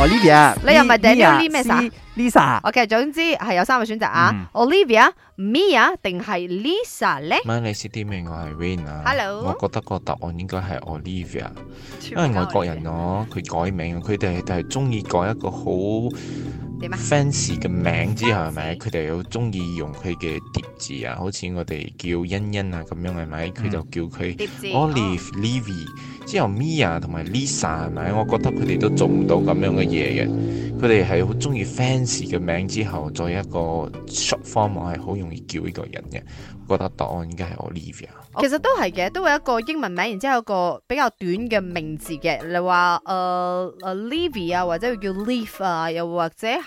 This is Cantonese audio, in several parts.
Olivia，你又唔係 Daniel 咩？莎 Lisa，OK，總之係有三個選擇啊。Olivia、Mia 定係 Lisa 咧？唔係，你識啲咩？我係 Rain 啊。Hello，我覺得個答案應該係 Olivia，因為外國人咯，佢改名，佢哋係係中意改一個好。fancy 嘅名字之後係咪？佢哋好中意用佢嘅疊字啊，好似我哋叫欣欣啊咁樣係咪？佢、嗯、就叫佢 Olive Livy。之後 Mia 同埋 Lisa 係咪？我覺得佢哋都做唔到咁樣嘅嘢嘅。佢哋係好中意 fancy 嘅名字之後再一個 short form 係好容易叫呢個人嘅。我覺得答案應該係 Olivia 啊。其實都係嘅，都有一個英文名，然之後有個比較短嘅名字嘅。你話誒 Olivia 或者叫 Leave 啊，又或者。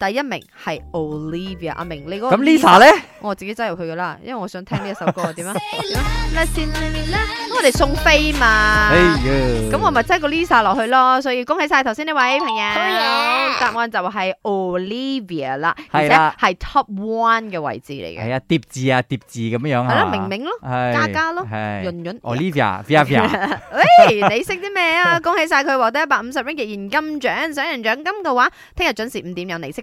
第一名係 Olivia 阿明，你個咁 Lisa 咧？我自己揸入去噶啦，因為我想聽呢一首歌啊，點啊？咁我哋送飛嘛？咁我咪揸個 Lisa 落去咯，所以恭喜晒頭先呢位朋友。好嘢！答案就係 Olivia 啦，係啦，係 Top One 嘅位置嚟嘅。係啊，疊字啊，疊字咁樣樣吓。係啦，明明咯，家家咯，潤潤。Olivia，Olivia。誒，你識啲咩啊？恭喜晒佢獲得一百五十蚊嘅現金獎，想贏獎金嘅話，聽日準時五點有利息。